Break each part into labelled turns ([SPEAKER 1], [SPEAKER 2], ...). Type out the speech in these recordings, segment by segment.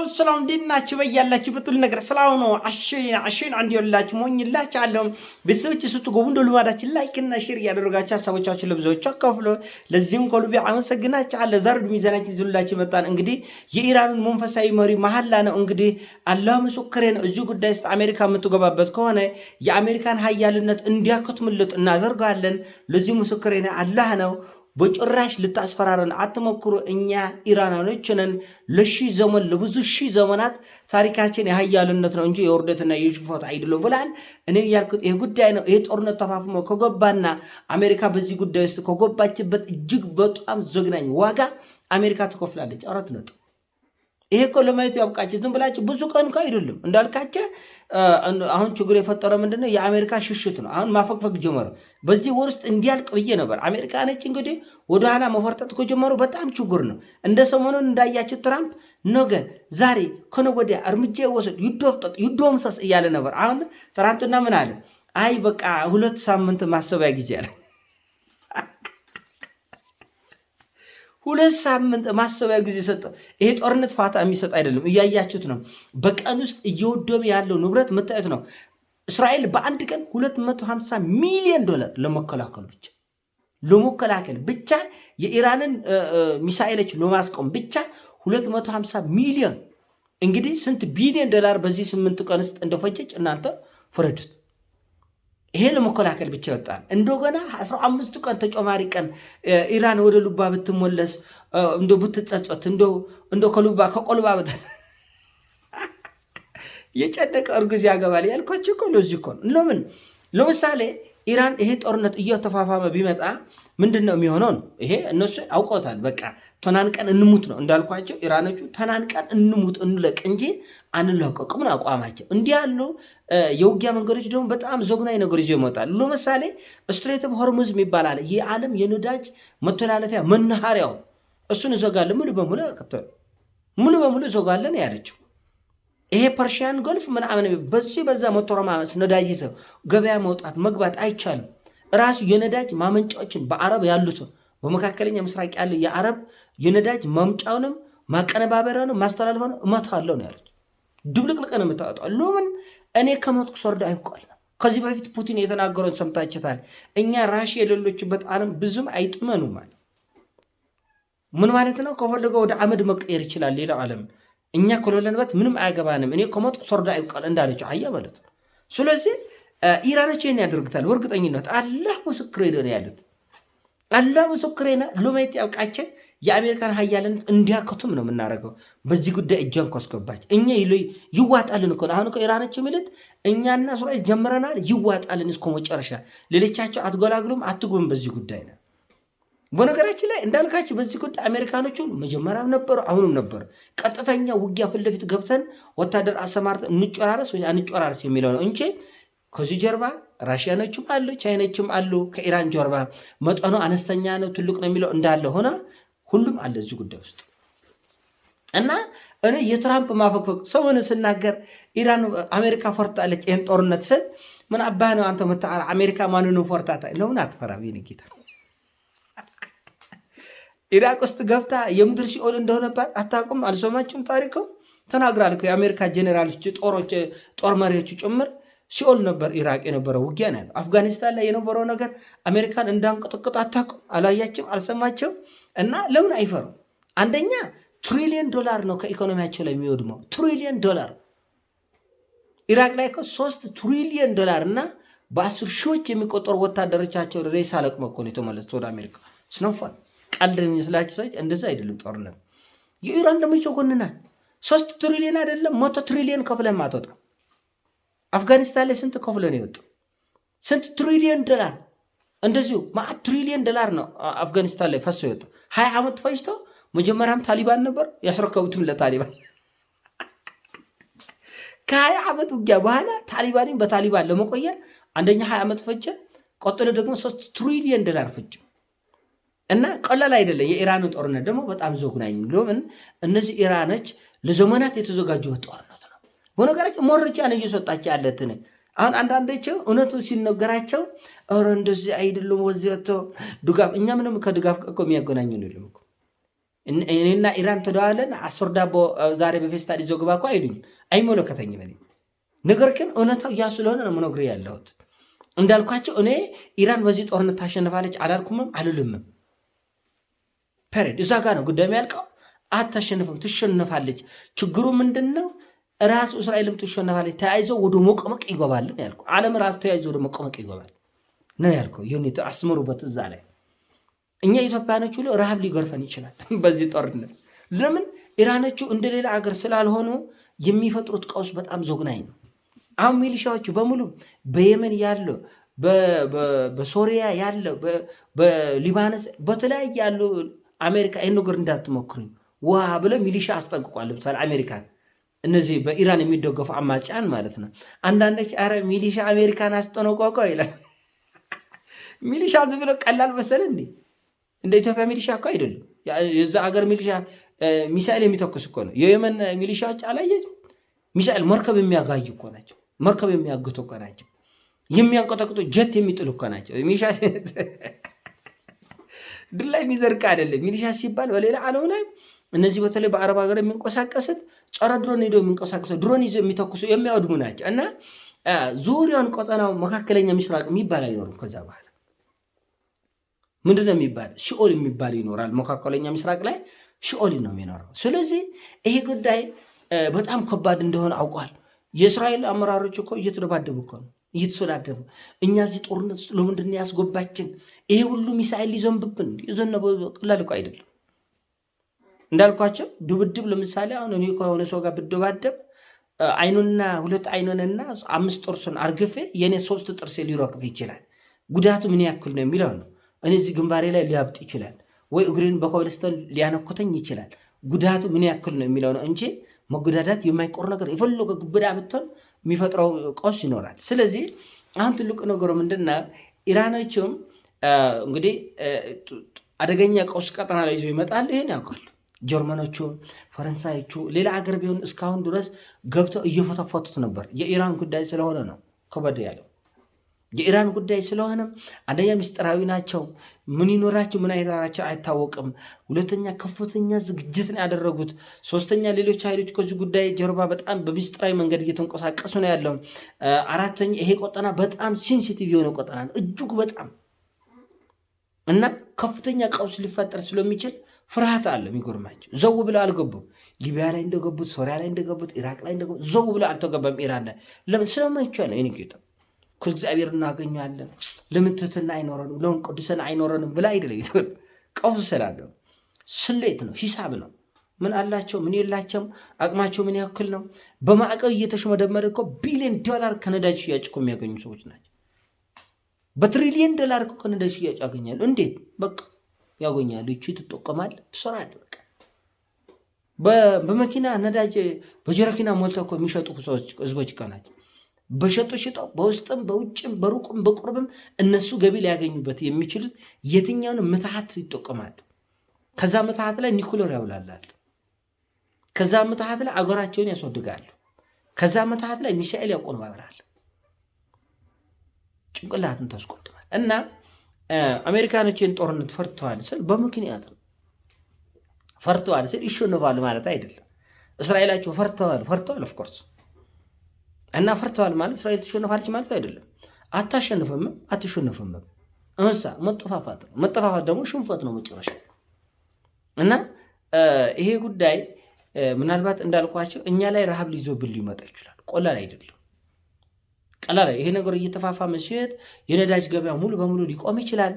[SPEAKER 1] አብ ሰላም እንዴት ናችሁ? በያላችሁበት ነገር ስላው ነው። አሸን አሸን አንድ ይላችሁ ሞኝላችሁ ሞኝላችኋለሁ። ቤተሰቦች ስትገቡ እንደ ልማዳችን ላይክ እና ሼር እያደረጋችሁ ሀሳቦቻችሁን ለብዙዎች አካፍሉ። ለዚህም ከልቤ አመሰግናችኋለሁ። ዛሬ ወደ ሚዛናችን ይዞላችሁ መጣን። እንግዲህ የኢራኑን መንፈሳዊ መሪ መሐላ ነው። እንግዲህ አላህ ምስክሬ ነው። እዚህ ጉዳይ ውስጥ አሜሪካ የምትገባበት ከሆነ የአሜሪካን ሀያልነት እንዲያከትምልት እናደርጋለን። ለዚህ ምስክሬ ነው፣ አላህ ነው በጭራሽ ልታስፈራረን አትሞክሩ። እኛ ኢራናኖች ነን። ለሺ ዘመን ለብዙ ሺ ዘመናት ታሪካችን የሀያልነት ነው እንጂ የውርደትና የሽፎት አይደለም ብላል። እኔ ያልኩት ይህ ጉዳይ ነው። ይህ ጦርነት ተፋፍሞ ከገባና አሜሪካ በዚህ ጉዳይ ውስጥ ከገባችበት እጅግ በጣም ዘግናኝ ዋጋ አሜሪካ ትከፍላለች። አረት ነጥ ይሄ እኮ ለማየት ያብቃችሁ። ዝም ብላችሁ ብዙ ቀን እኮ አይደለም እንዳልካቸ አሁን ችግር የፈጠረ ምንድነው? የአሜሪካ ሽሽት ነው። አሁን ማፈግፈግ ጀመረ። በዚህ ወር ውስጥ እንዲያልቅ ብዬ ነበር። አሜሪካ ነጭ እንግዲህ ወደኋላ መፈርጠጥ ከጀመሩ በጣም ችግር ነው። እንደ ሰሞኑን እንዳያቸው ትራምፕ ነገ ዛሬ ከነገ ወዲያ እርምጃ ይወሰድ፣ ይዶፍጠጥ፣ ይዶምሰስ እያለ ነበር። አሁን ትራምፕና ምን አለ? አይ በቃ ሁለት ሳምንት ማሰቢያ ጊዜ አለ። ሁለት ሳምንት ማሰቢያ ጊዜ ሰጠ። ይሄ ጦርነት ፋታ የሚሰጥ አይደለም። እያያችሁት ነው። በቀን ውስጥ እየወደመ ያለው ንብረት መታየት ነው። እስራኤል በአንድ ቀን 250 ሚሊዮን ዶላር ለመከላከል ብቻ ለመከላከል ብቻ የኢራንን ሚሳኤሎች ለማስቆም ብቻ 250 ሚሊዮን እንግዲህ ስንት ቢሊዮን ዶላር በዚህ ስምንት ቀን ውስጥ እንደፈጨች እናንተ ፍረዱት። ይሄ ለመከላከል ብቻ ይወጣል። እንደገና አስራ አምስቱ ቀን ተጨማሪ ቀን ኢራን ወደ ሉባ ብትሞለስ እንደ ብትጸጸት እንደ ከሉባ ከቆልባ ብት የጨነቀ እርጉዝ ያገባል ያልኳቸው እኮ ለዚህ እኮ ነው። ለምን ለምሳሌ ኢራን ይሄ ጦርነት እየተፋፋመ ቢመጣ ምንድን ነው የሚሆነው? ነው ይሄ እነሱ አውቀውታል። በቃ ተናንቀን እንሙት ነው እንዳልኳቸው፣ ኢራኖቹ ተናንቀን እንሙት እንለቅ እንጂ አንለቀቅም ነው አቋማቸው። እንዲህ ያሉ የውጊያ መንገዶች ደግሞ በጣም ዘግናኝ ነገር ይዞ ይመጣል። ለምሳሌ ስትሬት ኦፍ ሆርሙዝ ይባላል። አለ። የዓለም የነዳጅ መተላለፊያ መናኸሪያው እሱን እዘጋለን ሙሉ በሙሉ ሙሉ በሙሉ እዘጋለን ያለችው ይሄ ፐርሽያን ጎልፍ ምናምን በዚህ በዛ መተረማመስ ነዳጅ ይዘው ገበያ መውጣት መግባት አይቻልም። ራሱ የነዳጅ ማመንጫዎችን በአረብ ያሉ ሰው በመካከለኛ ምስራቅ ያለ የአረብ የነዳጅ መምጫውንም ማምጫውንም ማቀነባበሪያውንም ማስተላለፈውን እመታለሁ ነው ያሉት። ድብልቅልቅ ነው የምታወጣው። ለምን እኔ ከሞትኩ ሰርዶ አይብቀል ነው። ከዚህ በፊት ፑቲን የተናገረውን ሰምታችታል። እኛ ራሽ የሌሎችበት አለም ብዙም አይጥመኑም ማለት ምን ማለት ነው? ከፈለገ ወደ አመድ መቀየር ይችላል ሌላው አለም። እኛ ከሌለንበት ምንም አያገባንም፣ እኔ ከሞትኩ ሶርዳ ይብቃል እንዳለችው አያ ማለት ነው። ስለዚህ ኢራኖች ይህን ያደርግታል። ወርግጠኝነት አላህ ምስክሬ ነው ያሉት አላህ ምስክሬ ነ ሎማይት ያውቃቸው የአሜሪካን ሀያልነት እንዲያከቱም ነው የምናደርገው። በዚህ ጉዳይ እጇን ካስገባች እኛ ይዋጣልን እኮ አሁን ኢራኖች የሚሉት እኛና እስራኤል ጀምረናል፣ ይዋጣልን እስከ መጨረሻ ሌሎቻቸው አትጎላግሉም፣ አትጉብም በዚህ ጉዳይ ነው በነገራችን ላይ እንዳልካቸው በዚህ ጉዳይ አሜሪካኖቹ መጀመሪያም ነበሩ፣ አሁንም ነበር። ቀጥተኛ ውጊያ ፊት ለፊት ገብተን ወታደር አሰማርተ እንጨራረስ ወይ አንጨራረስ የሚለው ነው እንጂ ከዚህ ጀርባ ራሽያኖችም አሉ፣ ቻይኖችም አሉ። ከኢራን ጀርባ መጠኑ አነስተኛ ነው ትልቅ ነው የሚለው እንዳለ ሆነ ሁሉም አለ እዚህ ጉዳይ ውስጥ እና እኔ የትራምፕ ማፈግፈግ ሰውን ስናገር ኢራን አሜሪካ ፈርታለች ይህን ጦርነት ስል ምን አባህ ነው አንተ መታ አሜሪካ ማንኑ ፈርታታ ለምን አትፈራም? ይህን ጌታ ኢራቅ ውስጥ ገብታ የምድር ሲኦል እንደሆነባት አታውቁም? አልሰማችሁም? ታሪክው ተናግራል። የአሜሪካ ጀኔራሎች፣ ጦር መሪዎች ጭምር ሲኦል ነበር ኢራቅ የነበረው ውጊያ ነው አፍጋኒስታን ላይ የነበረው ነገር አሜሪካን እንዳንቀጠቅጥ አታውቁም? አላያችም? አልሰማችም? እና ለምን አይፈሩም? አንደኛ ትሪሊየን ዶላር ነው ከኢኮኖሚያቸው ላይ የሚወድመው። ትሪሊየን ዶላር ኢራቅ ላይ ሶስት ትሪሊየን ዶላር እና በአስር ሺዎች የሚቆጠሩ ወታደሮቻቸው ሬሳ ለቅመው እኮ ነው የተመለሱት ወደ አሜሪካ ስነፋል ቀልድ የሚመስላቸው ሰዎች እንደዚ አይደለም። ጦርነት የኢራን ደግሞ ይጨቆንናል። ሶስት ትሪሊዮን አይደለም መቶ ትሪሊዮን ከፍለን ማትወጣ አፍጋኒስታን ላይ ስንት ከፍለ ነው የወጡ? ስንት ትሪሊዮን ዶላር እንደዚሁ ማዕት ትሪሊዮን ዶላር ነው አፍጋኒስታን ላይ ፈሶ የወጡ። ሀያ ዓመት ፈጅቶ መጀመሪያም ታሊባን ነበር ያስረከቡትም ለታሊባን ከሀያ ዓመት ውጊያ በኋላ ታሊባንን በታሊባን ለመቆየር አንደኛ ሀያ ዓመት ፈጀ። ቆጥሎ ደግሞ ሶስት ትሪሊዮን ዶላር ፈጀ። እና ቀላል አይደለም። የኢራኑ ጦርነት ደግሞ በጣም ዘጉናኝ ሎምን እነዚህ ኢራኖች ለዘመናት የተዘጋጁበት ጦርነት ነው። በነገራቸው መረጃን እየሰጣቸው ያለትን አሁን አንዳንዳቸው እውነቱ ሲነገራቸው ረ እንደዚህ አይደለም ወዘቶ ድጋፍ እኛ ምንም ከድጋፍ ቀቆ የሚያገናኙ የለም እኮ እኔና ኢራን ተደዋለን አስር ዳቦ ዛሬ በፌስታ ይዞ ግባ እኮ አይሉኝ አይመለከተኝም። ነገር ግን እውነታው ያ ስለሆነ ነው የምነግርህ ያለሁት። እንዳልኳቸው እኔ ኢራን በዚህ ጦርነት ታሸንፋለች አላልኩምም አልልምም ፐሬድ እዛ ጋር ነው ጉዳይ የሚያልቀው። አታሸንፍም፣ ትሸነፋለች። ችግሩ ምንድን ነው? ራሱ እስራኤልም ትሸነፋለች። ተያይዘው ወደ መቀመቅ ይገባል ያልኩ ዓለም ራሱ ተያይዘ ወደ መቀመቅ ይገባል ነው ያልከው። ይሁን አስምሩበት እዛ ላይ እኛ ኢትዮጵያኖች ሁሉ ረሃብ ሊገርፈን ይችላል በዚህ ጦርነት። ለምን ኢራኖቹ እንደ ሌላ አገር ስላልሆኑ የሚፈጥሩት ቀውስ በጣም ዘግናኝ ነው። አሁን ሚሊሻዎቹ በሙሉ በየመን ያለው በሶሪያ ያለው በሊባኖስ በተለያየ ያለው አሜሪካ ይህን ነገር እንዳትሞክሩ ውሃ ብለ ሚሊሻ አስጠንቅቋል። ለምሳሌ አሜሪካን እነዚህ በኢራን የሚደገፉ አማጽያን ማለት ነው። አንዳንዶች አረ ሚሊሻ አሜሪካን አስጠነቋቋ ይላል። ሚሊሻ ዝም ብሎ ቀላል መሰለ እንዴ? እንደ ኢትዮጵያ ሚሊሻ እኮ አይደሉም። የዛ ሀገር ሚሊሻ ሚሳኤል የሚተኩስ እኮ ነው። የየመን ሚሊሻዎች አላየ ሚሳኤል መርከብ የሚያጋዩ እኮ ናቸው። መርከብ የሚያግቱ እኮ ናቸው። የሚያንቀጠቅጡ ጀት የሚጥሉ እኮ ናቸው ሚሊሻ ድል ላይ የሚዘርቅ አይደለም። ሚሊሻ ሲባል በሌላ ዓለም ላይ እነዚህ በተለይ በአረብ ሀገር የሚንቀሳቀስን ጸረ ድሮን ሄዶ የሚንቀሳቀሰው ድሮን ይዞ የሚተኩሱ የሚያወድሙ ናቸው እና ዙሪያውን ቆጠናው መካከለኛ ምስራቅ የሚባል አይኖርም። ከዛ በኋላ ምንድን ነው የሚባል ሽኦል የሚባል ይኖራል። መካከለኛ ምስራቅ ላይ ሽኦል ነው የሚኖረው። ስለዚህ ይሄ ጉዳይ በጣም ከባድ እንደሆነ አውቋል። የእስራኤል አመራሮች እኮ እየተደባደቡ እኮ ነው እየተሰዳደቡ እኛ እዚህ ጦርነት ለምንድን ያስጎባችን? ይሄ ሁሉ ሚሳኤል ሊዘንብብን ዘነ ቀላል እኮ አይደለም። እንዳልኳቸው ድብድብ፣ ለምሳሌ አሁን እኔ ከሆነ ሰው ጋር ብደባደብ አይኑና ሁለት አይኑንና አምስት ጥርሱን አርግፌ የእኔ ሶስት ጥርሴ ሊሮቅፍ ይችላል። ጉዳቱ ምን ያክል ነው የሚለው ነው። እኔ እዚህ ግንባሬ ላይ ሊያብጥ ይችላል ወይ እግሬን በኮብልስቶን ሊያነኮተኝ ይችላል። ጉዳቱ ምን ያክል ነው የሚለው ነው እንጂ መጎዳዳት የማይቆር ነገር የፈለገ ግብዳ ብትሆን የሚፈጥረው ቀውስ ይኖራል። ስለዚህ አሁን ትልቁ ነገሩ ምንድነው ኢራኖችም እንግዲህ አደገኛ ቀውስ ቀጠና ላይ ይዞ ይመጣል። ይህን ያውቃሉ። ጀርመኖቹ፣ ፈረንሳዮቹ ሌላ አገር ቢሆን እስካሁን ድረስ ገብተው እየፈተፈቱት ነበር። የኢራን ጉዳይ ስለሆነ ነው ከበደ ያለው። የኢራን ጉዳይ ስለሆነ አንደኛ ሚስጥራዊ ናቸው። ምን ይኖራቸው ምን አይኖራቸው አይታወቅም። ሁለተኛ ከፍተኛ ዝግጅት ነው ያደረጉት። ሶስተኛ ሌሎች ኃይሎች ከዚህ ጉዳይ ጀርባ በጣም በሚስጥራዊ መንገድ እየተንቀሳቀሱ ነው ያለው። አራተኛ ይሄ ቆጠና በጣም ሴንሲቲቭ የሆነ ቆጠና ነው እጅጉ በጣም እና ከፍተኛ ቀውስ ሊፈጠር ስለሚችል ፍርሃት አለ። የሚጎርማቸው ዘው ብለው አልገቡም። ሊቢያ ላይ እንደገቡት፣ ሶሪያ ላይ እንደገቡት፣ ኢራቅ ላይ እንደገቡት ዘው ብለው አልተገባም። ኢራን ላይ ለምን ስለማይቻል ነው ከእግዚአብሔር እናገኛለን። ለምን ትህትና አይኖረንም? ለምን ቅዱስና አይኖረንም? ብላ አይደለም ቀውስ ስላለው ስሌት ነው፣ ሂሳብ ነው። ምን አላቸው? ምን የላቸውም? አቅማቸው ምን ያክል ነው? በማዕቀብ እየተሽመደመደ እኮ ቢሊዮን ዶላር ከነዳጅ ሽያጭ እኮ የሚያገኙ ሰዎች ናቸው። በትሪሊየን ዶላር እኮ ከነዳጅ ሽያጭ ያገኛሉ። እንዴት በቃ ያገኛሉ። ይቺ ትጠቀማል፣ ትሰራል። በቃ በመኪና ነዳጅ በጀረኪና ሞልተ እኮ የሚሸጡ ህዝቦች እኮ ናቸው። በሸጡ ሽጠው በውስጥም በውጭም በሩቅም በቁርብም እነሱ ገቢ ሊያገኙበት የሚችሉት የትኛውን ምትሃት ይጠቀማል። ከዛ ምትሃት ላይ ኒኩለር ያብላላል። ከዛ ምትሃት ላይ አገራቸውን ያስወድጋሉ። ከዛ ምትሃት ላይ ሚሳኤል ያቆነባብራል። ጭንቅላትን ታስቆድማል። እና አሜሪካኖችን ጦርነት ፈርተዋል ስል በምክንያት ነው። ፈርተዋል ስል ይሸነፋሉ ማለት አይደለም። እስራኤላቸው ፈርተዋል ፈርተዋል ኦፍኮርስ እና ፈርተዋል ማለት እስራኤል ትሸነፋለች ማለት አይደለም። አታሸንፍም፣ አትሸነፍም። እንሳ መጠፋፋት ነው። መጠፋፋት ደግሞ ሽንፈት ነው መጨረሻ እና ይሄ ጉዳይ ምናልባት እንዳልኳቸው እኛ ላይ ረሃብ ሊዞብን ሊመጣ ይችላል። ቆላል አይደለም፣ ቀላል ይሄ ነገር እየተፋፋመ ሲሄድ የነዳጅ ገበያ ሙሉ በሙሉ ሊቆም ይችላል።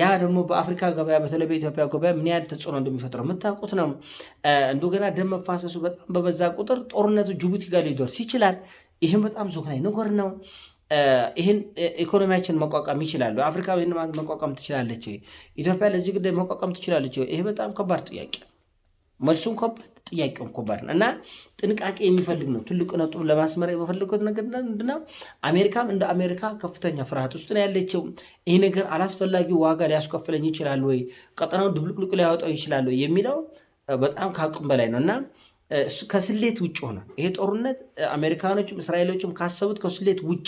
[SPEAKER 1] ያ ደግሞ በአፍሪካ ገበያ በተለይ በኢትዮጵያ ገበያ ምን ያህል ተጽዕኖ እንደሚፈጥረው የምታውቁት ነው። እንደገና ደም መፋሰሱ በጣም በበዛ ቁጥር ጦርነቱ ጅቡቲ ጋር ሊደርስ ይችላል። ይህም በጣም ዞክናይ ነገር ነው። ይህን ኢኮኖሚያችን መቋቋም ይችላሉ? አፍሪካ መቋቋም ትችላለች? ኢትዮጵያ ለዚህ ጉዳይ መቋቋም ትችላለች? ይሄ በጣም ከባድ ጥያቄ መልሱን ከባድ ጥያቄውን ከባድ ነው እና ጥንቃቄ የሚፈልግ ነው። ትልቅ ነጥብ ለማስመር የፈለግኩት ነገር ምንድነው? አሜሪካም እንደ አሜሪካ ከፍተኛ ፍርሃት ውስጥ ነው ያለችው። ይህ ነገር አላስፈላጊ ዋጋ ሊያስከፍለኝ ይችላል ወይ፣ ቀጠናው ድብልቅልቅ ሊያወጣው ይችላል ወይ የሚለው በጣም ከአቅም በላይ ነው እና ከስሌት ውጭ ሆነ ይሄ ጦርነት አሜሪካኖችም እስራኤሎችም ካሰቡት ከስሌት ውጭ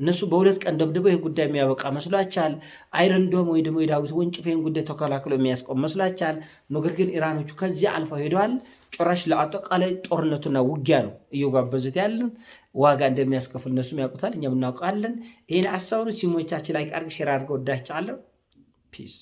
[SPEAKER 1] እነሱ በሁለት ቀን ደብድበው ይህ ጉዳይ የሚያበቃ መስሏቻል። አይረንዶም ወይ ደግሞ የዳዊት ወንጭፍ ይህን ጉዳይ ተከላክሎ የሚያስቆም መስሏቻል። ነገር ግን ኢራኖቹ ከዚህ አልፈው ሄደዋል። ጭራሽ ለአጠቃላይ ጦርነቱና ውጊያ ነው እየጋበዙት ያለን። ዋጋ እንደሚያስከፍል እነሱም ያውቁታል፣ እኛም እናውቃለን። ይህን አሳውኑ ሲሞቻችን ላይ ቀርግ ሽራ አድርገ ወዳቻለሁ ፒስ